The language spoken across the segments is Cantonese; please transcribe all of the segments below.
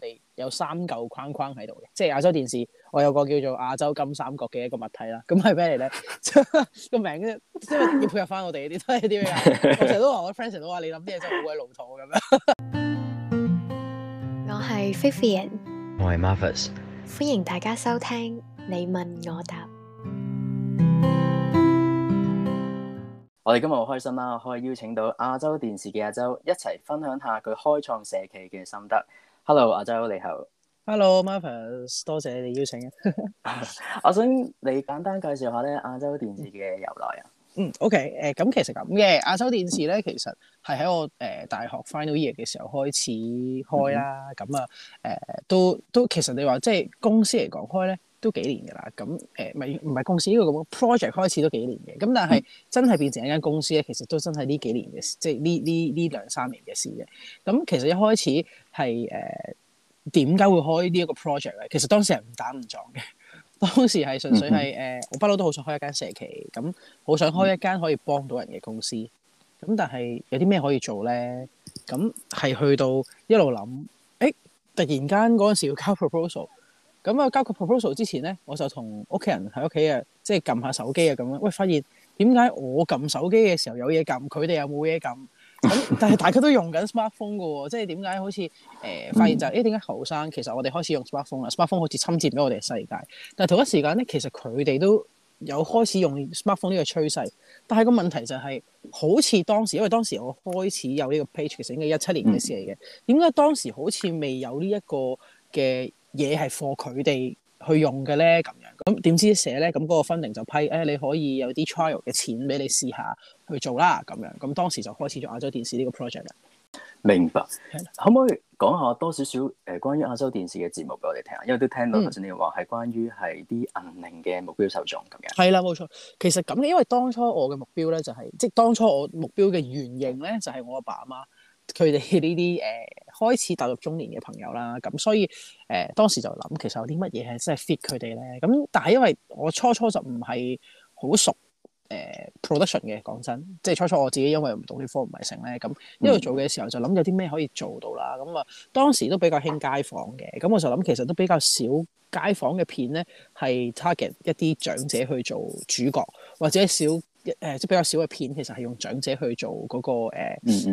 我哋有三嚿框框喺度嘅，即係呀周電視。我有個叫做呀周金三角嘅一個物體啦。咁係咩嚟咧？個 名啫，即係要配合翻我哋啲都係啲咩啊？我成日都話我啲 friend 都話你諗啲嘢真係好鬼老土咁樣。我係 Fifi，我係 Marvis，歡迎大家收聽你問我答。我哋今日好開心啦，可以邀請到呀周電視嘅呀周一齊分享下佢開創社企嘅心得。Hello，呀周你好。Hello，Marvis，多謝你邀請。 我想你簡單介紹下咧，呀周電視嘅由來啊。嗯，OK，誒、呃，咁其實咁嘅呀周電視咧，其實係喺我誒、呃、大學 final year 嘅時候開始開啦。咁、嗯嗯、啊，誒、呃，都都，其實你話即係公司嚟講開咧。都幾年㗎啦，咁誒咪唔係公司呢個、呃、project 開始都幾年嘅，咁但係真係變成一間公司咧，其實都真係呢幾年嘅事，即係呢呢呢兩三年嘅事嘅。咁、嗯、其實一開始係誒點解會開呢一個 project 咧？其實當時係唔打唔撞嘅，當時係純粹係誒、呃，我不嬲都好想開一間社企，咁好想開一間可以幫到人嘅公司。咁、嗯、但係有啲咩可以做咧？咁係去到一路諗，誒、欸、突然間嗰陣時要交 proposal。咁啊，交個 proposal 之前咧，我就同屋企人喺屋企啊，即係撳下手機啊咁樣。喂，發現點解我撳手機嘅時候有嘢撳，佢哋又冇嘢撳？咁但係大家都用緊 smartphone 噶喎，即係點解好似誒、呃、發現就係、是，誒點解後生其實我哋開始用 smartphone 啦？smartphone 好似侵佔咗我哋嘅世界。但係同一時間咧，其實佢哋都有開始用 smartphone 呢個趨勢。但係個問題就係、是，好似當時，因為當時我開始有呢個 page，其實已經一七年嘅事嚟嘅。點解、嗯、當時好似未有呢一個嘅？嘢係貨佢哋去用嘅咧，咁樣咁，點知寫咧，咁嗰個分庭就批，誒你可以有啲 trial 嘅錢俾你試下去做啦，咁樣咁當時就開始咗呀周電視呢個 project 啦。明白，Yeah. 可唔可以講下多少少誒關於呀周電視嘅節目俾我哋聽下？因為都聽到頭先你話係關於係啲銀齡嘅目標受眾咁嘅。係啦、嗯，冇錯。其實咁嘅，因為當初我嘅目標咧就係、是，即係當初我目標嘅原型咧就係我阿爸阿媽。佢哋呢啲誒開始步入中年嘅朋友啦，咁、嗯、所以誒、呃、當時就諗，其實有啲乜嘢係真係 fit 佢哋咧？咁、嗯、但係因為我初初就唔係好熟誒、呃、production 嘅，講真，即係初初我自己因為唔讀呢科唔係成咧，咁、嗯嗯、一路做嘅時候就諗有啲咩可以做到啦。咁、嗯、啊，當時都比較興街訪嘅，咁、嗯、我就諗其實都比較少街訪嘅片咧，係 target 一啲長者去做主角或者少。誒即係比較少嘅片，嗯嗯嗯、其實係用長者去做嗰、那個誒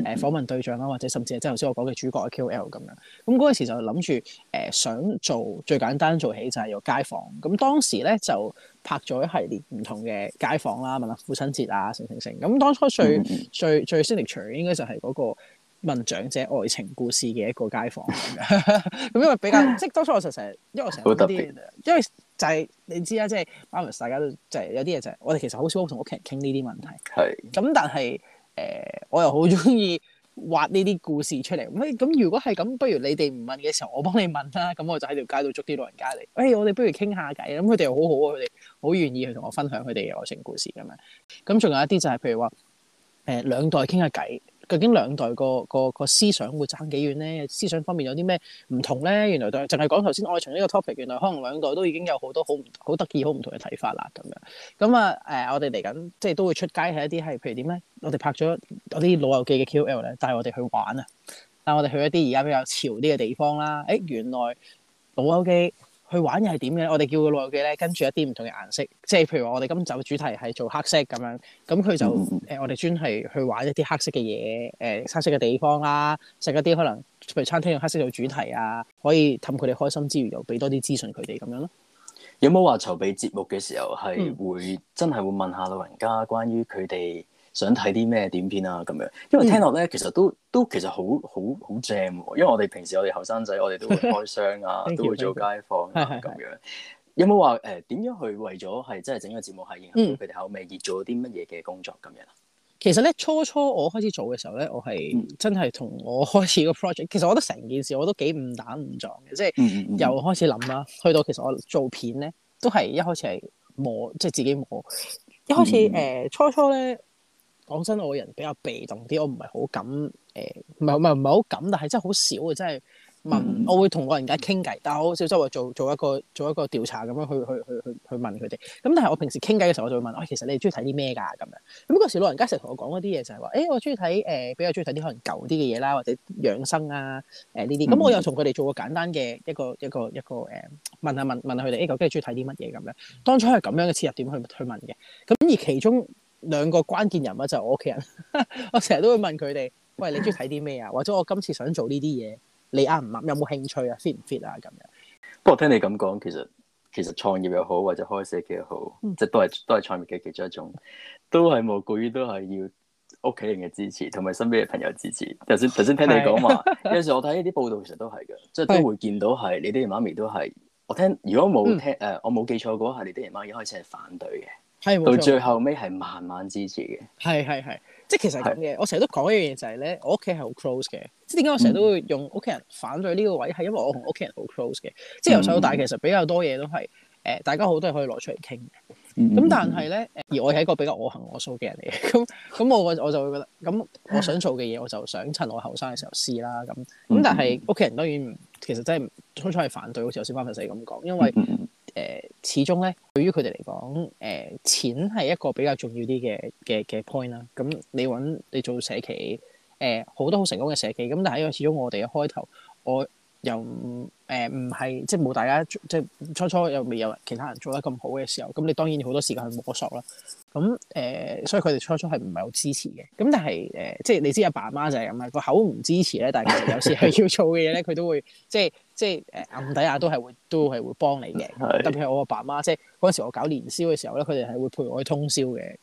誒、呃、訪問對象啦，或者甚至係即係頭先我講嘅主角嘅 KOL 咁樣。咁嗰陣時就諗住，誒想做最簡單做起就係個街訪。咁當時咧就拍咗一系列唔同嘅街訪啦，問下父親節啊，成成成。咁當初最、嗯嗯、最最 signature 應該就係嗰個問長者愛情故事嘅一個街訪咁 因為比較即係當初我成日，因為成日、嗯、因為。就係、是、你知啦，即係阿大家都就係、是、有啲嘢就係、是、我哋其實好少同屋企人傾呢啲問題。係是。咁但係誒、呃，我又好中意畫呢啲故事出嚟。喂、哎，咁如果係咁，不如你哋唔問嘅時候，我幫你問啦。咁我就喺條街度捉啲老人家嚟。誒、哎，我哋不如傾下偈。咁佢哋又好好啊，佢哋好願意去同我分享佢哋嘅愛情故事咁樣。咁、嗯、仲有一啲就係、是、譬如話誒、呃、兩代傾下偈。究竟兩代個個個思想會爭幾遠咧？思想方面有啲咩唔同咧？原來凈係講頭先愛情呢個 topic，原來可能兩代都已經有好多好好得意、好唔同嘅睇法啦。咁樣咁啊、誒，我哋嚟緊即係都會出街，係一啲係譬如點咧？我哋拍咗嗰啲老友記嘅 QL 咧，帶我哋去玩啊！但我哋去一啲而家比較潮啲嘅地方啦。誒，原來老友記。去玩又係點嘅？我哋叫個友器老友記咧，跟住一啲唔同嘅顏色，即係譬如話我哋今集嘅主題係做黑色咁樣，咁佢就誒、嗯呃、我哋專係去玩一啲黑色嘅嘢，誒黑色嘅地方啦、啊，食一啲可能譬如餐廳用黑色做主題啊，可以氹佢哋開心之餘又俾多啲資訊佢哋咁樣咯。有冇話籌備節目嘅時候係會、嗯、真係會問下老人家關於佢哋？想睇啲咩點片啊咁樣，因為聽落咧，嗯、其實都都其實好好好正喎。因為我哋平時我哋後生仔，我哋都會開箱啊， 都會做街訪啊咁 樣。 有冇話誒點樣去為咗係真係整個節目係迎合佢哋口味而做啲乜嘢嘅工作咁樣啊？其實咧，初初我開始做嘅時候咧，我係真係同我開始個 project。其實我覺得成件事我都幾誤打誤撞嘅，即係又開始諗啦，去到其實我做片咧都係一開始係摸，即係自己摸。一開始誒，初初咧。嗯嗯講真，我個人比較被動啲，我唔係好敢誒，唔係唔係唔係好敢，但係真係好少啊！真係問、嗯、我會同老人家傾偈，但係我好少即係話做做一個做一個調查咁樣去去去去去問佢哋。咁但係我平時傾偈嘅時候，我就會問：喂、哎，其實你哋中意睇啲咩㗎？咁樣咁嗰時老人家成日同我講嗰啲嘢，就係、是、話：誒、哎，我中意睇誒比較中意睇啲可能舊啲嘅嘢啦，或者養生啊誒呢啲。咁、呃、我又同佢哋做過簡單嘅一個一個一個誒問下問問下佢哋：誒究竟你中意睇啲乜嘢？咁樣當初係咁樣嘅切入點去去問嘅。咁而其中。兩個關鍵人物就係我屋企人， 我成日都會問佢哋：喂，你中意睇啲咩啊？或者我今次想做呢啲嘢，你啱唔啱？有冇興趣啊？fit 唔 fit 啊？咁樣。不過聽你咁講，其實其實創業又好，或者開社企又好，即係都係都係創業嘅其中一種，都係無過於都係要屋企人嘅支持，同埋身邊嘅朋友支持。頭先頭先聽你講話， 有陣時我睇呢啲報道，其實都係嘅，即係都會見到係你啲爹媽咪都係。我聽如果冇聽誒、嗯呃，我冇記錯過係你啲爹媽，媽一開始係反對嘅。到最後尾係慢慢支持嘅，係係係，即係其實咁嘅。我成日都講一樣嘢就係咧，我屋企係好 close 嘅，即係點解我成日都會用屋企人反對呢個位，係、嗯、因為我同屋企人好 close 嘅，即係由細到大其實比較多嘢都係誒、呃，大家好都係可以攞出嚟傾嘅。咁、嗯、但係咧誒，而我係一個比較我行我素嘅人嚟嘅，咁 咁我我就會覺得，咁我想做嘅嘢我就想趁我後生嘅時候試啦，咁咁但係屋企人當然唔，其實真係初初係反對，好似有少少 percent 咁講，因為，嗯誒始終咧，對於佢哋嚟講，誒錢係一個比較重要啲嘅嘅嘅 point 啦。咁你揾你做社企，誒好多好成功嘅社企，咁但係始終我哋嘅開頭，我。又誒唔係即係冇，大家即係初初又未有其他人做得咁好嘅時候，咁你當然要好多時間去摸索啦。咁誒、呃，所以佢哋初初係唔係好支持嘅。咁但係誒、呃，即係你知阿爸阿媽就係咁啦，個口唔支持咧，但係其實有時係要做嘅嘢咧，佢 都會即係即係誒暗底下都係會都係會幫你嘅。 特別係我阿爸阿媽，即係嗰陣時我搞年宵嘅時候咧，佢哋係會陪我去通宵嘅，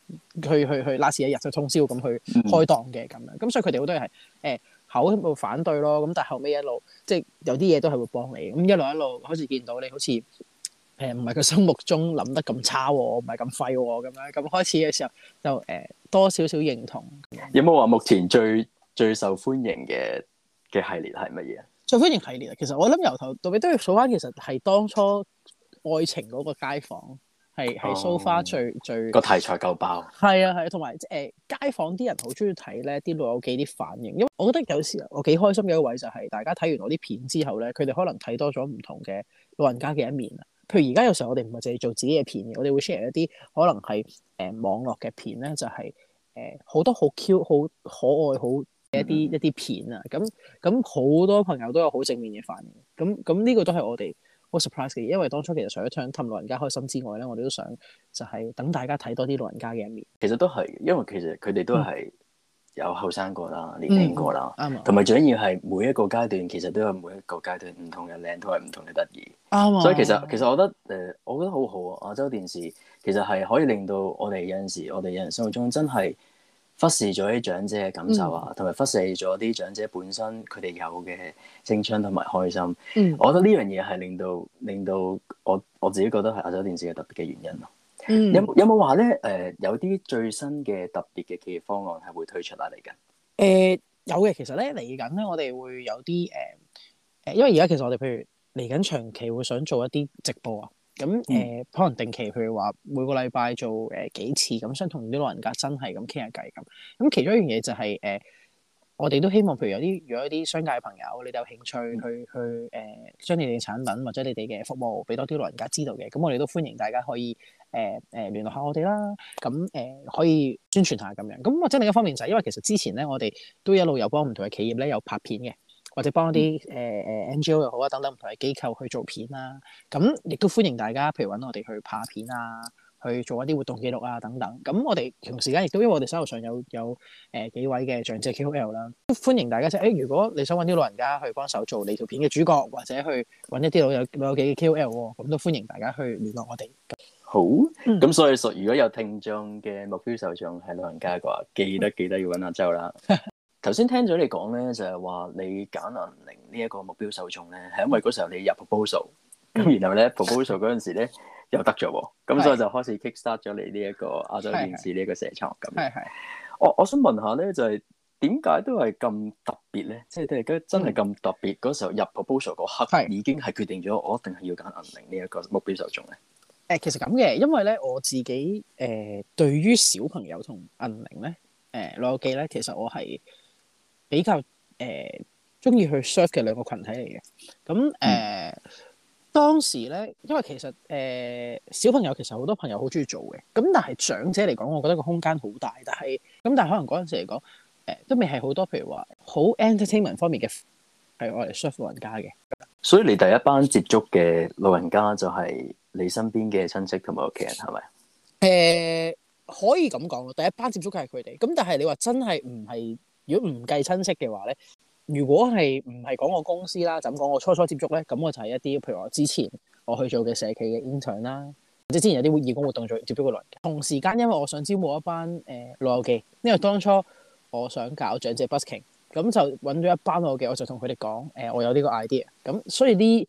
去去去拉屎一日都通宵咁去開檔嘅咁樣。咁所以佢哋好多嘢係誒。欸欸口喺度反對咯，咁但係後尾一路即係有啲嘢都係會幫你咁，一路一路好似見到你好似誒唔係佢心目中諗得咁差喎，唔係咁廢喎，咁樣咁開始嘅時候就誒、呃、多少少認同。有冇話目前最最受歡迎嘅嘅系列係乜嘢？最受歡迎系列，迎系列其實我諗由頭到尾都要數返，其實係當初愛情嗰個街坊。係係 so far 最，哦，最個題材夠爆，係啊係啊，同埋即係街坊啲人好中意睇咧啲老友記啲反應，因為我覺得有時我幾開心嘅一個位就係大家睇完我啲片之後咧，佢哋可能睇多咗唔同嘅老人家嘅一面啦。譬如而家有時候我哋唔係淨係做自己嘅片，我哋會 share 一啲可能係誒，呃、網絡嘅片咧，就係誒好多好 cute 好可愛好一啲，嗯、一啲片啊。咁咁好多朋友都有好正面嘅反應。咁咁呢個都係我哋。surprising，因為當初其實除咗想氹老人家開心之外咧，我哋都想就係等大家睇多啲老人家嘅一面。其實都係，因為其實佢哋都係有後生過啦，年輕過啦，啱同埋最緊要係每一個階段，其實都有每一個階段唔同嘅靚都係唔同嘅得意，啱、嗯、所以其實、嗯、其實我覺得誒，我覺得好好啊，亞洲電視其實係可以令到我哋有陣時，我哋有人生活中真係。忽視咗啲長者嘅感受啊，同埋、嗯、忽視咗啲長者本身佢哋有嘅青春同埋開心。嗯，我覺得呢樣嘢係令到令到我我自己覺得係呀周電視嘅特別嘅原因咯。嗯，有有冇話咧？誒，有啲、呃、最新嘅特別嘅企業方案係會推出嚟緊。誒、呃，有嘅，其實咧嚟緊咧，我哋會有啲誒誒，因為而家其實我哋譬如嚟緊長期會想做一啲直播啊。咁誒、呃，可能定期譬如話每個禮拜做誒、呃、幾次，咁、呃、想同啲老人家真係咁傾下偈咁。咁其中一樣嘢就係、是、誒、呃，我哋都希望譬如有啲，如果有啲商界嘅朋友，你哋有興趣去去誒、呃，將你哋嘅產品或者你哋嘅服務俾多啲老人家知道嘅，咁我哋都歡迎大家可以誒誒、呃呃、聯絡下我哋啦。咁誒、呃、可以宣傳下咁樣。咁或者另一方面就係、是、因為其實之前咧，我哋都一路有幫唔同嘅企業咧有拍片嘅。或者幫一啲誒誒 NGO 又好啊，等等唔同嘅機構去做片啦、啊。咁亦都歡迎大家，譬如揾我哋去拍片啊，去做一啲活動記錄啊等等。咁我哋同時間亦都，因為我哋手頭上有有誒幾位嘅長者 KOL 啦，都歡迎大家即係、欸、如果你想揾啲老人家去幫手做你條片嘅主角，或者去揾一啲老友有嘅 KOL，咁都歡迎大家去聯絡我哋。好，咁、嗯、所以如果有聽眾嘅目標受眾係老人家嘅話，記得記得要揾阿周啦。 頭先聽咗你講咧，就係話你揀銀齡呢一個目標受眾咧，係因為嗰時候你入 proposal，咁、嗯、然後咧 proposal 嗰陣時咧又得咗喎，咁 所以就開始 kickstart 咗你呢一個呀周電視呢一個社創咁。係係，我我想問下咧，就係點解都係咁特別咧？即係真係咁特別嗰時候入 proposal 嗰刻已經係決定咗，我一定係要揀銀齡呢一個目標受眾咧。誒，其實咁嘅，因為咧我自己誒、呃、對於小朋友同銀齡咧誒老友記咧，其實我係。比較誒中意去 serve 嘅兩個群體嚟嘅，咁誒、呃嗯、當時咧，因為其實誒、呃、小朋友其實好多朋友好中意做嘅，咁但係長者嚟講，我覺得個空間好大，但係咁但係可能嗰陣時嚟講誒都未係好多，譬如話好 entertainment 方面嘅係我嚟 serve 老人家嘅。所以你第一班接觸嘅老人家就係你身邊嘅親戚同埋屋企人係咪？誒、呃、可以咁講第一班接觸嘅係佢哋，咁但係你話真係唔係？如果唔計親戚嘅話咧，如果係唔係講我公司啦，就咁講我初初接觸咧，咁我就係一啲譬如我之前我去做嘅社企嘅 intern 啦，即係之前有啲義工活動做接觸過來。同時間因為我想招募一班誒老友記，因為當初我想搞長者 busking，咁就揾咗一班老友記，我就同佢哋講誒我有呢個 idea，咁所以呢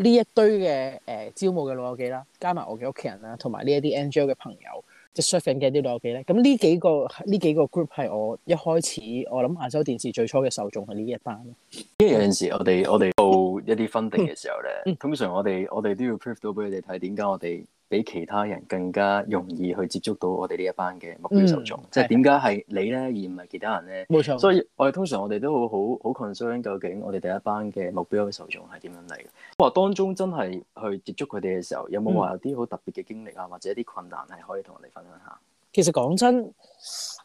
呢一堆嘅誒、呃、招募嘅老友記啦，加埋我嘅屋企人啦，同埋呢一啲 NGO 嘅朋友。service 緊嘅啲老記咧，咁呢幾個呢幾個 group，係我一開始我諗呀周電視最初嘅受眾係呢一班。因為有陣時我哋我哋做一啲 funding 嘅時候咧，通常我哋我哋都要 prove 到俾你哋睇點解我哋。嗯比其他人更加容易去接觸到我哋呢一班嘅目標受眾，嗯、即係點解係你咧是的 而唔係其他人咧？冇沒錯。所以我哋通常我哋都好好好 concern 究竟我哋第一班嘅目標受眾係點樣嚟嘅？咁當中真係去接觸佢哋嘅時候，有冇話有啲好特別嘅經歷啊，或者一啲困難係可以同我哋分享下？其實講真，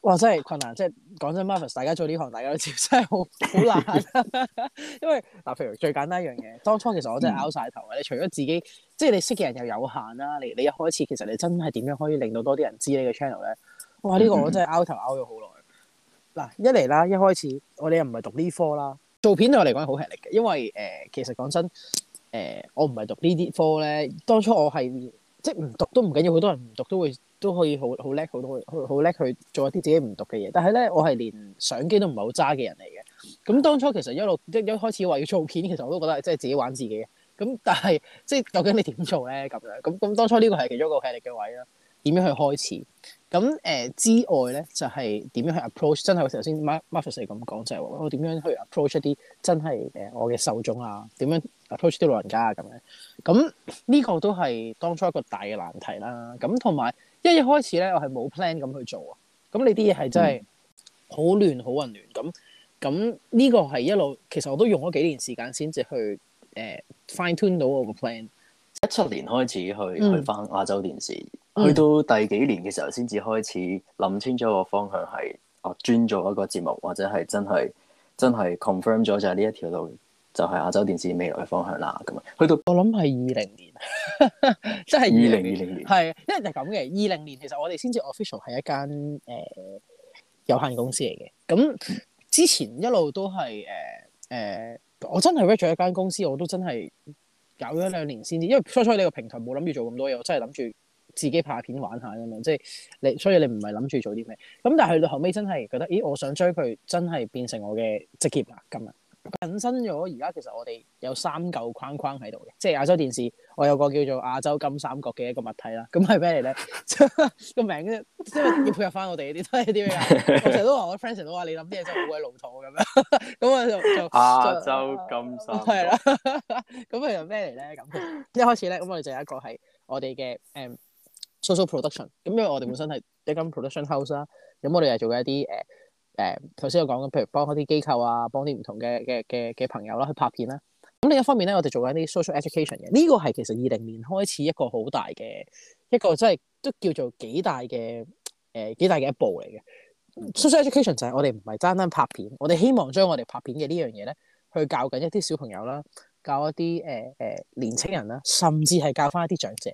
哇真係困難，即係講真，真 Marvis 大家做呢行，大家都知真係好好難。啊、 因為嗱，譬如最簡單一樣嘢，當初其實我真係拗晒頭嘅。嗯、你除咗自己，即係你識嘅人又有限啦。你你一開始其實你真係點樣可以令到多啲人知道你頻道，呢個 channel 咧？哇！呢、這個我真係拗頭拗咗好耐。嗱、嗯啊，一嚟啦，一開始我哋又唔係讀呢科啦，做片對我嚟講好吃力嘅，因為誒、呃，其實講真，誒、呃，我唔係讀呢啲科咧。當初我係即係唔讀都唔緊要，好多人唔讀都會。都可以好好叻，好多好好叻去做一啲自己唔讀嘅嘢。但係咧，我係連相機都唔係好揸嘅人嚟嘅。咁當初其實一路即一,一開始話要做片，其實我都覺得即係自己玩自己嘅。咁但係即係究竟你點做咧？咁樣咁咁當初呢個係其中一個壓力嘅位啦。點樣去開始？咁誒、呃、之外咧，就係、是、點樣、就是、去 approach 真係我頭先？Marvis 咁講就係我點樣去 approach 一啲真係誒我嘅受眾啊？點樣 approach 啲老人家啊？咁樣咁呢、這個都係當初一個大嘅難題啦。咁同埋。因一開始咧，我係冇 plan 咁去做啊，咁你啲嘢係真係好亂好混亂咁，咁呢個係一路其實我都用咗幾年時間先至去誒、uh, fine tune 到我個 plan。一七年開始去去返亞洲電視，嗯、去到第幾年嘅時候先至開始諗清楚個方向係我專做一個節目，或者係真係真係 confirm 咗就係呢一條路，就係亞洲電視未來嘅方向啦，咁啊，去到我諗係二零年，即係二零二零年，係啊，因為就咁嘅。二零年其實我哋先至 official 係一間誒、呃、有限公司嚟嘅。咁之前一路都係誒誒，我真係 create 咗一間公司，我都真係搞咗兩年先至。因為初初呢個平台冇諗住做咁多嘢，我真係諗住自己拍片玩下咁樣，即係你，所以你唔係諗住做啲咩？咁但係到後尾真係覺得，咦，我想追佢，真係變成我嘅職業啦，今日。緊身咗，而家其實我哋有三嚿框框喺度嘅，即係呀周電視，我有個叫做呀周金三角嘅一個物體啦。咁係咩嚟咧？個 名啫，即係要配合翻我哋嗰啲都係啲咩啊？成日 都話我 friend 成日都話你諗啲嘢真係好鬼老土咁樣，咁 我就就，就，就呀周金三角。係啦， 咁係咩嚟咧？咁一開始咧，咁我哋就有一個係我哋嘅誒 social production，咁因為我哋本身係啲金 production house 啦，咁我哋係做嘅一啲誒。誒頭先我講咁，譬如幫一啲機構啊，幫啲唔同嘅嘅嘅嘅朋友啦，去拍片啦、啊。咁另一方面咧，我哋做緊啲 social education 嘅，呢、這個係其實二零年開始一個好大嘅一個即、就、係、是、都叫做幾大嘅誒、呃、幾大嘅一步嚟嘅。social education、嗯、就係我哋唔係單單拍片，我哋希望將我哋拍片嘅呢樣嘢咧，去教緊一啲小朋友啦，教一啲誒誒年青人啦，甚至係教翻一啲長者。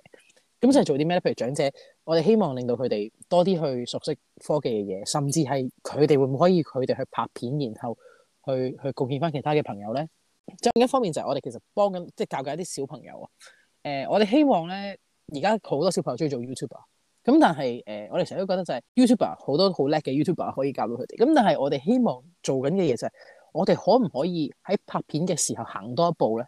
咁就係做啲咩咧？譬如長者。我哋希望令到佢哋多啲去熟悉科技嘅嘢，甚至係佢哋會唔可以佢哋去拍片，然後去去貢獻返其他嘅朋友咧。再另一方面就係我哋其實幫緊即係教緊一啲小朋友啊。誒、呃，我哋希望咧，而家好多小朋友中意做 YouTuber 咁，但係誒，我哋成日都覺得就係 YouTuber 好多好叻嘅 YouTuber 可以教到佢哋。咁但係我哋希望做緊嘅嘢就係、是、我哋可唔可以喺拍片嘅時候行多一步咧？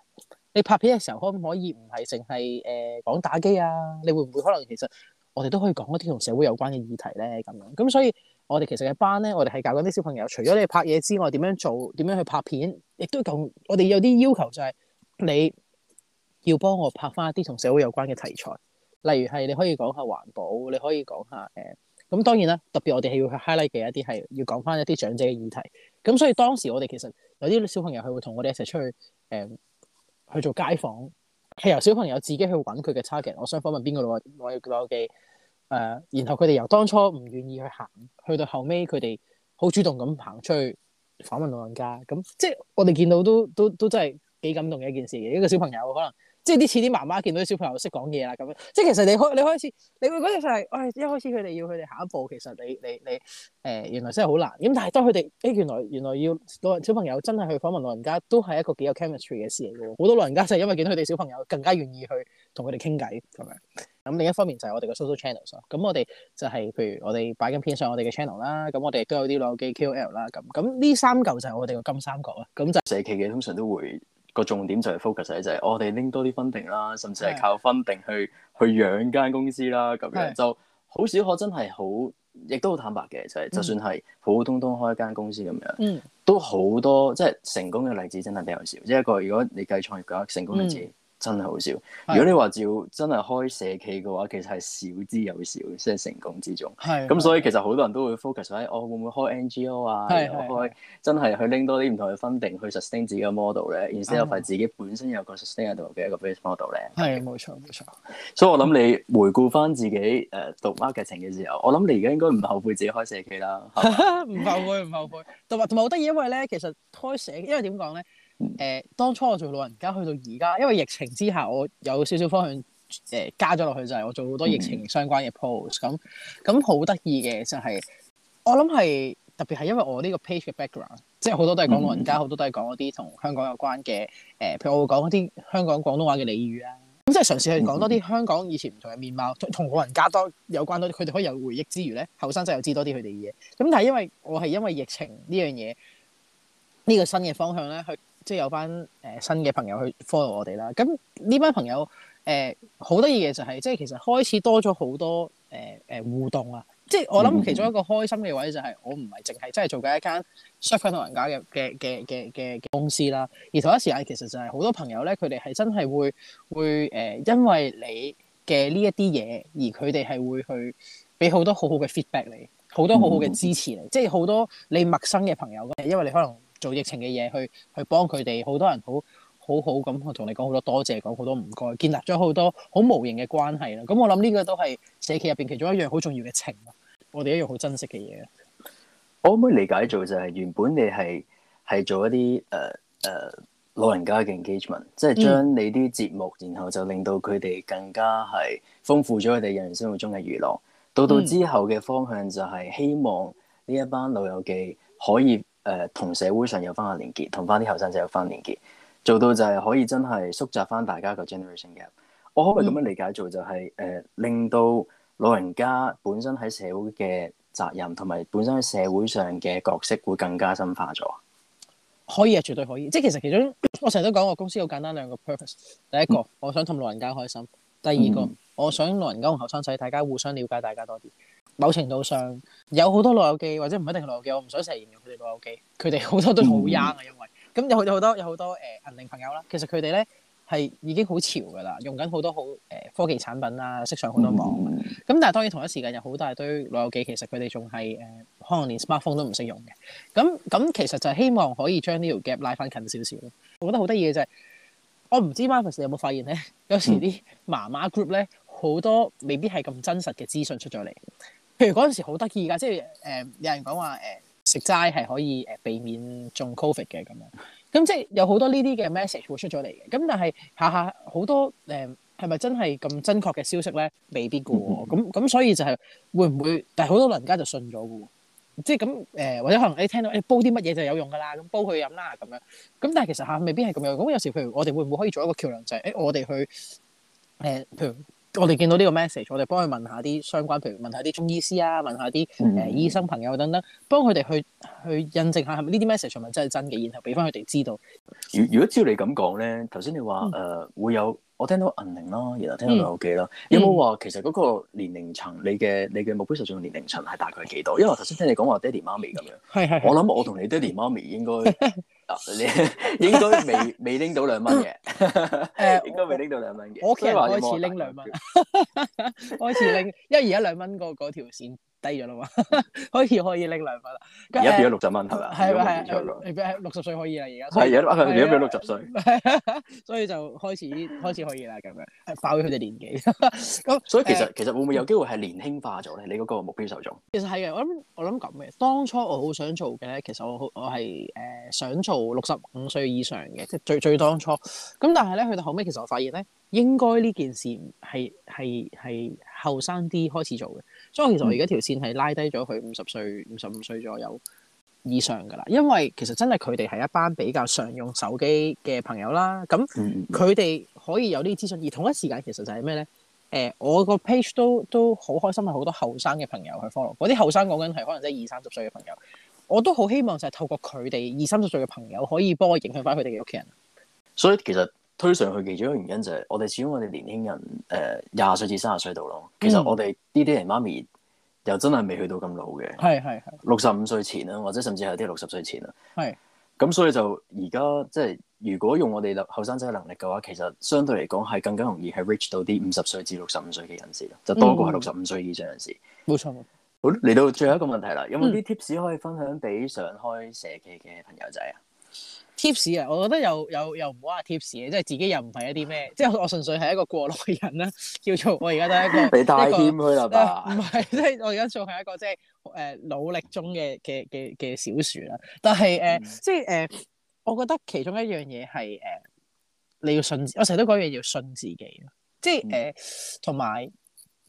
你拍片嘅時候可唔可以唔係淨係誒講打機啊？你會唔會可能其實？我哋都可以講一啲同社會有關嘅議題咧，咁樣咁所以我哋其實嘅班咧，我哋係教緊啲小朋友，除咗你拍嘢之外，點樣做，點樣去拍片，亦都同我哋有啲要求就係、是、你要幫我拍翻一啲同社會有關嘅題材，例如係你可以講下環保，你可以講下誒。咁、嗯、當然啦，特別我哋係要去 highlight 嘅一啲係要講翻一啲長者嘅議題。咁所以當時我哋其實有啲小朋友係會同我哋一齊出去誒、嗯、去做街訪。係由小朋友自己去搵佢嘅 target 我想訪問邊個咯？我要攞老友記誒、呃，然後佢哋由當初唔願意去行，去到後尾佢哋好主動咁行出去訪問老人家，咁即係我哋見到都都都真係幾感動嘅一件事，一個小朋友可能。即係啲似啲媽媽見到啲小朋友識講嘢啦咁樣，即係其實你開你開始，你會覺得就係，喂、哎，一開始佢哋要佢哋下一步，其實你你你誒、呃、原來真係好難。咁但係當佢哋誒原來原來要老人小朋友真係去訪問老人家，都係一個幾有 chemistry 嘅事嚟嘅喎。好多老人家就因為見到佢哋小朋友，更加願意去同佢哋傾偈咁樣。咁另一方面就係我哋嘅 social channels 咁我哋就係、是、譬如我哋擺緊片上我哋嘅 channel 啦。咁我哋都有啲老機 q l 啦。咁咁呢三嚿就係我哋嘅金三角啊。咁就社企嘅通常都會。個重點就係 focus 喺就係、是、我哋拎多啲 funding 啦，甚至係靠 funding 去是的 去養間公司啦，咁樣是的 就好少可真係好，亦都好坦白嘅就係，就，是、就算係普普通通開一間公司咁樣，嗯、都好多即係成功嘅例子真係比較少。即係一個如果你計創業嘅話，成功嘅字。嗯真係好少。如果你話照真係開社企嘅話，的其實係少之又少，即係成功之中。係的。咁所以其實好多人都會 focus 喺我會唔會開 NGO 啊，的我開真係去拎多啲唔同嘅 funding 去 sustain 自己嘅 model 咧，instead of 自己本身有個 sustainable 嘅一個 base model 咧。係的，冇錯冇錯。所以 So、嗯、我諗你回顧翻自己誒、呃、讀 marketing 嘅時候，我諗你而家應該唔後悔自己開社企啦。唔 後悔，唔後悔。同埋同埋好得意，因為咧，其實開社，因為點講咧？誒當初我做老人家去到而家，因為疫情之下，我有少少方向誒、呃、加咗落去就係、是、我做好多疫情相關嘅 post、嗯。咁咁好得意嘅就係、是、我諗係特別係因為我呢個 page 嘅 background，即係好多都係講老人家，好、嗯、多都係講嗰啲同香港有關嘅誒、呃，譬如我會講一啲香港廣東話嘅俚語啊。咁即係嘗試去講多啲香港以前唔同嘅面貌，同、嗯、老人家多有關多啲，佢哋可以有回憶之餘咧，後生仔又知多啲佢哋嘅嘢。咁但係因為我係因為疫情呢樣嘢呢個新嘅方向咧去。即係有班誒新嘅朋友去 follow 我哋啦，咁呢班朋友誒好得意嘅就係、是，即係其實開始多咗好多誒誒、呃呃、互動啊！即係我諗其中一個開心嘅位就係、是，我唔係淨係真係做緊一間香港老人家嘅嘅嘅嘅嘅公司啦，而同一時間其實就係好多朋友咧，佢哋係真係會會誒，因為你嘅呢一啲嘢，而佢哋係會去俾好多好好嘅 feedback 你，很多很好多好好嘅支持你，嗯、即係好多你陌生嘅朋友，因為你可能。做疫情嘅嘢，去去幫佢哋，好，好多人好好好咁去同你講好多多謝，講好多唔該，建立咗好多好無形嘅關係啦。咁我諗呢個都係社企入邊其中一樣好重要嘅情咯，我哋一樣好珍惜嘅嘢。我可唔可以理解做就係原本你係係做一啲誒誒老人家嘅 engagement，即係將你啲節目，嗯、然後就令到佢哋更加係豐富咗佢哋人生活中嘅娛樂，到到之後嘅方向就係希望呢一班老友記可以。誒同社會上有翻個連結，同翻啲後生仔有翻連結，做到就係可以真係縮窄翻大家個 generation gap。我可唔可以咁樣理解做就係、是、誒、嗯呃，令到老人家本身喺社會嘅責任同埋本身喺社會上嘅角色會更加深化咗。可以啊，絕對可以。即係其實其中，我成日都講我公司好簡單兩個 purpose。第一個，嗯、我想同老人家開心；第二個，嗯、我想老人家同後生仔大家互相了解大家多啲。某程度上有好多老友記或者唔一定係老友記，我唔想成日用佢哋老友記，佢哋好多都好 young 啊。因為咁有好多好多有好多誒銀齡朋友啦，其實佢哋咧係已經好潮㗎啦，用緊好多好誒、呃、科技產品啦，識上好多網。咁但係當然同一時間有好大堆老友記，其實佢哋仲係誒可能連 smartphone 都唔識用嘅。咁咁其實就希望可以將呢條 gap 拉翻近少少。我覺得好得意嘅就係、是、我唔知 Marvis 有冇發現咧， 有時啲媽媽 group 咧好多未必係咁真實嘅資訊出咗嚟。譬如嗰陣時好得意噶，即係誒、呃、有人講話誒食齋係可以誒、呃、避免中 Covid 嘅咁樣，咁即係有好多呢啲嘅 message 會出咗嚟嘅。咁但係下下好多誒係咪真係咁真確嘅消息咧？未必嘅喎。咁咁所以就係會唔會？但係好多老人家就信咗嘅喎。即係咁誒，或者可能你聽到誒、哎、煲啲乜嘢就有用㗎啦，咁煲佢飲啦咁樣。咁但係其實下未必係咁樣。咁有時譬如我哋會唔會可以做一個橋梁，就係、是、誒、哎、我哋去誒、呃、譬如。譬如我哋見到呢個 message，我哋幫佢問下啲相關，譬如問下啲中醫師啊，問下啲誒醫生朋友等等，幫佢哋去去印證下係咪呢啲 message 係咪真係真嘅，然後俾翻佢哋知道。如如果照你咁講咧，頭先你話誒、嗯呃、會有，我聽到銀齡啦，然後聽到老嘅啦，嗯、有冇話其實嗰個年齡層，你嘅你嘅目標受眾年齡層係大概係幾多？因為我頭先聽你講話爹哋媽咪咁樣，係係，我諗我同你爹哋媽咪應該。 你應該未未拎到兩蚊嘅，誒應該未拎到兩蚊嘅，我其實開始拎兩蚊，開始拎，因為而家兩蚊個嗰條線低咗啦嘛，開始可以拎兩蚊啦，而家變咗六十蚊係咪啊？係啊，係啊，六十歲可以啊而家，係而家變咗六十歲，所以就開始開始可以啦咁樣，爆佢哋年紀咁。所以其實其實會唔會有機會係年輕化咗咧？你嗰個目標受眾，其實係嘅，我諗我諗咁嘅，當初我好想做嘅，其實我好我係誒想做。六十五歲以上嘅，即係最最當初咁，但係咧去到後尾其實我發現咧，應該呢件事係係係後生啲開始做嘅，所以我其實我而家條線係拉低咗佢五十歲、五十五歲左右以上噶啦，因為其實真係佢哋係一班比較常用手機嘅朋友啦，咁佢哋可以有呢啲資訊，而同一時間其實就係咩咧？誒、呃，我個 page 都都好開心，係好多後生嘅朋友去 follow，嗰啲後生講緊係可能即係二三十歲嘅朋友。我都好希望就係透過佢哋二三十歲嘅朋友，可以幫我影響翻佢哋嘅屋企人。所以其實推上去其中一個原因就係我哋始終我哋年輕人誒廿、呃、歲至三十歲度咯。其實我哋啲爹哋媽咪又真係未去到咁老嘅。係係係。六十五歲前啦，或者甚至係啲六十歲前啦。係。咁所以就而家即係如果用我哋後生仔嘅能力嘅話，其實相對嚟講係更加容易係 reach 到啲五十歲至六十五歲嘅人士就多過係六十五歲以上人士。冇、嗯、錯。好，嚟到最後一個問題啦，有冇啲 tips 可以分享俾想開社企嘅朋友仔啊？tips 啊，我覺得又又又唔好話 tips 嘅，即係自己又唔係一啲咩，即係我純粹係一個過來人啦，叫做我而家都係一個俾太謙去啦，唔係即係我而家做係一個即係誒努力中嘅嘅嘅嘅小樹啦，但係誒、呃嗯、即係誒、呃，我覺得其中一樣嘢係誒你要信，我成日都講嘢要信自己，即係誒同埋。呃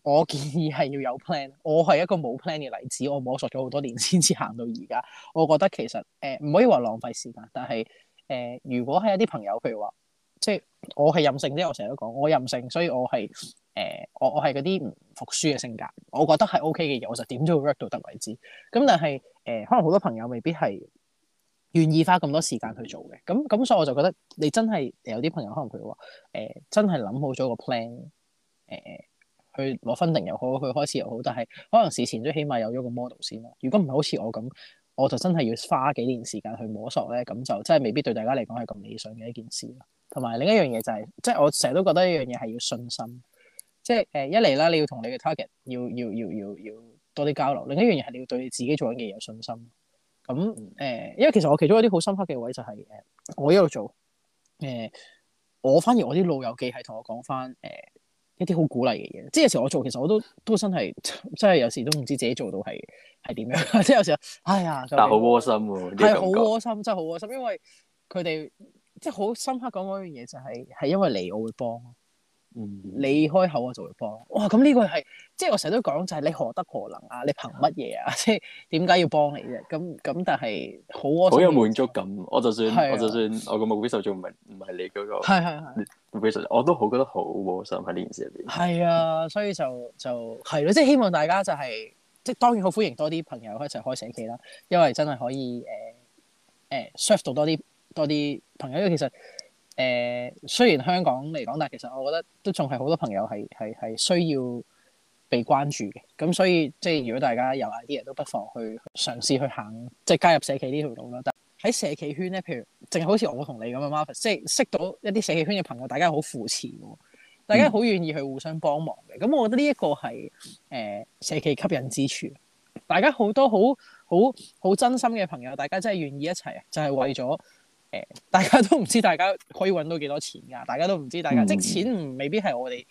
我建議係要有 plan。我係一個冇 plan 嘅例子，我摸索咗好多年先至行到而家。我覺得其實誒唔、呃、可以話浪費時間，但係誒、呃、如果係一啲朋友，譬如話即係我係任性啫。我成日都講我任性，所以我係誒、呃、我我係嗰啲唔服輸嘅性格。我覺得係 OK 嘅嘢，我就點都會 work 到得為止。咁但係誒、呃、可能好多朋友未必係願意花咁多時間去做嘅。咁咁所以我就覺得你真係有啲朋友可能佢話真係諗好咗個 plan 誒。呃去攞分定又好，去開始又好，但係可能事前都起碼有咗個 model 先啦。如果唔係好似我咁，我就真係要花幾年時間去摸索咧，咁就真係未必對大家嚟講係咁理想嘅一件事咯。同埋另一樣嘢就係、是，即係我成日都覺得一樣嘢係要信心，即係誒一嚟啦，你要同你嘅 target 要要要要要多啲交流。另一樣嘢係你要對你自己做緊嘅嘢有信心。咁誒、呃，因為其實我其中一啲好深刻嘅位就係、是、誒，我一路做誒、呃，我反而我啲老友記係同我講返誒。呃一啲好鼓勵嘅嘢，即係有時我做，其實我都都真係真係有時都唔知自己做到係係點樣， 即係有時候，哎呀！但係好窩心喎、啊，係好窩心，真係好窩心，因為佢哋即係好深刻講嗰樣嘢就係、係、係因為你我會幫。嗯、你開口我就會幫。哇，咁呢個係，即係我成日都講就係你何德何能啊？你憑乜嘢啊？即係點解要幫你啫？咁咁，但係好，好有滿足感。我就算，啊、我就算，我個目標受仲唔係唔係你嗰、那個，係係、啊啊、我都好覺得好 a w e 喺呢件事入面。係啊，所以就就係咯、啊，即係希望大家就係、是，即係當然好歡迎多啲朋友一齊開成 p 啦，因為真係可以誒誒 serve 到多啲多啲朋友，因為其實。誒、呃，雖然香港嚟講，但係其實我覺得都仲係好多朋友係係係需要被關注嘅。咁所以，即係如果大家有啲人都不妨去，去嘗試去行，即係加入社企呢條路啦。但喺社企圈咧，譬如淨係好似我同你咁嘅 Marvis 即係識到一啲社企圈嘅朋友，大家好扶持，大家好願意去互相幫忙嘅。咁、嗯、我覺得呢一個係誒、呃、社企吸引之處，大家好多好好好真心嘅朋友，大家真係願意一齊，就係、是、為咗。誒，大家都唔知大家可以搵到幾多錢㗎，大家都唔知大家即係錢唔未必係我哋誒、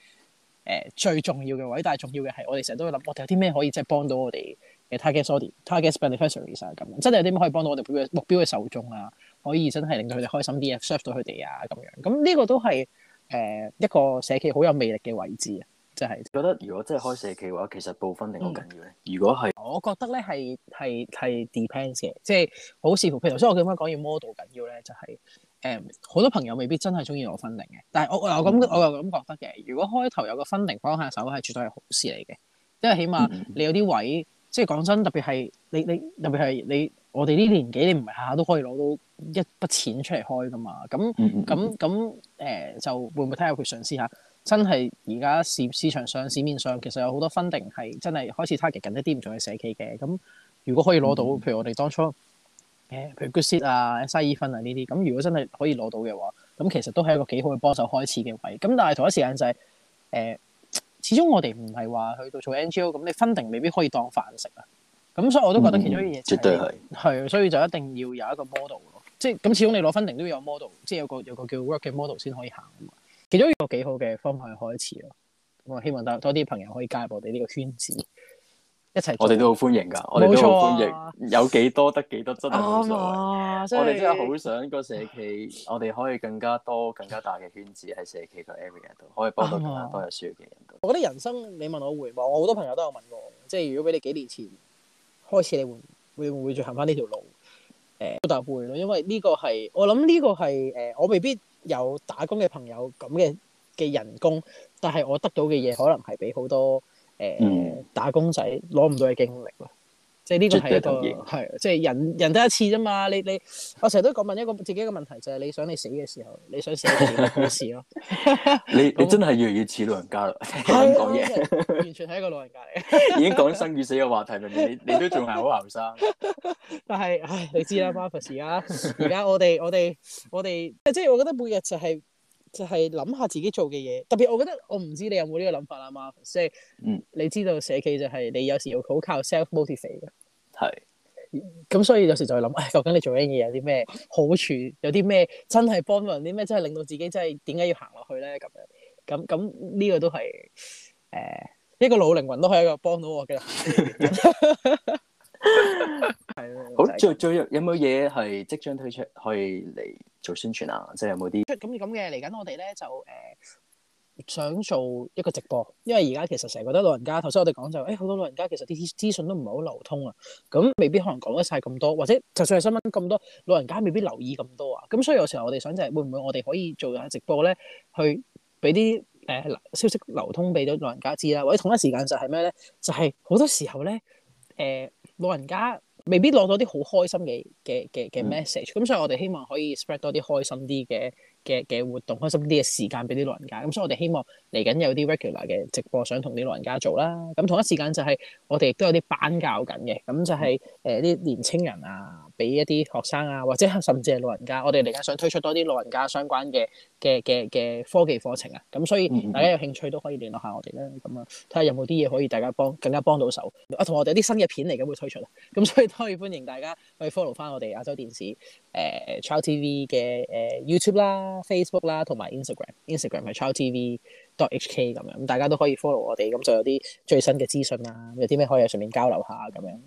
呃、最重要嘅位，但係重要嘅係我哋成日都會諗，我哋有啲咩可以即係幫到我哋嘅 target audience、target beneficiaries 啊咁，真係有啲咩可以幫到我哋目標嘅受眾啊，可以真係令到佢哋開心啲啊，serve 到佢哋啊咁樣，咁呢個都係誒、呃、一個社企好有魅力嘅位置啊。即係覺得，如果真係開社企嘅話，其實 funding 好緊要咧。如果係，我覺得咧係係係 depends 嘅，即係好似乎，譬如頭先我咁樣講要 model 緊要咧，就係誒好多朋友未必真係中意攞 funding 嘅。但係我嗱我咁我又咁覺得嘅。如果開頭有個 funding 幫下手，係絕對係好事嚟嘅，因為起碼你有啲位， 即係講真，特別係你你特別係你我哋呢年紀，你唔係下下都可以攞到一筆錢出嚟開㗎嘛。咁咁咁誒，就會唔會睇下佢上司嚇？真係而家市市場上市面上其實有好多 funding n 係真係開始 target 緊一啲唔同嘅社企嘅，咁如果可以攞到、嗯譬，譬如我哋當初誒譬如 GoodSeed 啊、西爾芬啊呢啲，咁如果真係可以攞到嘅話，咁其實都係一個幾好嘅幫手開始嘅位。咁但係同一時間就係、是、誒、欸，始終我哋唔係話去到做 NGO，咁你 funding 未必可以當飯食啊。咁所以我都覺得其中一樣嘢絕對係係，所以就一定要有一個 model 咯。即係咁，始終你攞 funding 都要有 model，即係有個有個叫 work 嘅 model 先可以行其中一個幾好嘅方向開始咯，咁啊希望多多啲朋友可以加入我哋呢個圈子，一齊。我哋都好歡迎㗎，啊、我哋都好歡迎，有幾多得幾多，真係冇所謂。啊就是、我哋真係好想個社企，我哋可以更加多、更加大嘅圈子喺社企個 area 度，可以幫到更加多、啊、嘛更多有需要嘅人。我覺得人生你問我回望，我好多朋友都有問過我，即係如果俾你幾年前開始，你會會唔會再行返呢條路？誒、欸，都答會咯，因為呢個係我諗呢個係誒、呃，我未必。有打工嘅朋友咁嘅嘅人工，但係我得到嘅嘢可能係俾好多誒、呃嗯、打工仔攞唔到嘅經歷咯。即係呢個係一個係，即係人人都一次啫嘛。你你，我成日都講問一個自己一個問題，就係、是、你想你死嘅時候，你想死嘅事咯。 你 那你真係越嚟越似老人家啦，咁講嘢， 完全係一個老人家嚟嘅。已經講生與死嘅話題，你你都仲係好後生。 但係唉，你知啦 Marvis 啊。而家而家我哋我哋我哋，即、就、係、是、我覺得每日就係、是。就係諗下自己做嘅嘢，特別我覺得我唔知你有冇呢個諗法啦，嘛。即 a 你知道社企就係你有時好靠 self m o t i v a e 嘅，係。咁所以有時就去諗，究竟你做緊嘢有啲咩好處，有啲咩真係幫到人，啲咩真係令到自己真係點解要行落去咧？咁咁咁呢個都係誒一個老靈魂都可以幫到我嘅，係啦。好，最最有冇嘢係即將推出去？嚟？做宣傳啊，即係有冇啲？咁嘅咁嘅，嚟緊我哋咧就誒想做一個直播，因為而家其實成日覺得老人家頭先我哋講就誒好多老人家其實啲資訊都唔係好流通啊，咁未必可能講得晒咁多，或者就算係新聞咁多，老人家未必留意咁多啊，咁所以有時候我哋想就係會唔會我哋可以做下直播咧，去俾啲誒消息流通俾咗老人家知啦，或者同一時間就係咩咧，就係好多時候咧誒老人家。未必攞到啲好開心嘅嘅嘅嘅 message，咁、嗯、所以我哋希望可以 spread 多啲開心啲嘅。嘅嘅活動，開心啲嘅時間俾啲老人家，咁所以我哋希望嚟緊有啲 regular 嘅直播，想同啲老人家做啦。咁同一時間就係我哋亦都有啲班教緊嘅，咁就係誒啲年青人啊，俾一啲學生啊，或者甚至係老人家，我哋嚟緊想推出多啲老人家相關嘅嘅嘅嘅科技課程啊。咁所以大家有興趣都可以聯絡下我哋啦，咁啊睇下有冇啲嘢可以大家幫更加幫到手。啊，同我哋啲新嘅片嚟緊會推出，咁所以都可以歡迎大家去 follow 翻我哋呀周電視誒、呃、ChowTV 嘅誒、呃、YouTube 啦。Facebook 啦，同埋 Instagram，Instagram 係 chowtv.hk 咁樣，咁大家都可以 follow 我哋，咁就有啲最新嘅資訊啦，有啲咩可以喺上面交流下咁樣。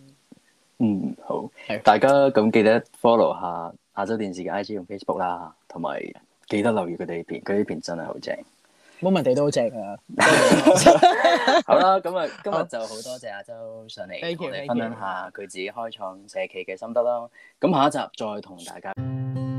嗯，好，的大家咁記得 follow 下呀周電視嘅 IG 用 Facebook 啦，同埋記得留意佢哋呢邊，佢呢邊真係好正，冇問題都好正。啊。好啦，咁啊，今日就好多謝呀周上嚟，thank you, thank you. 分享下佢自己開創社企嘅心得啦。咁下一集再同大家。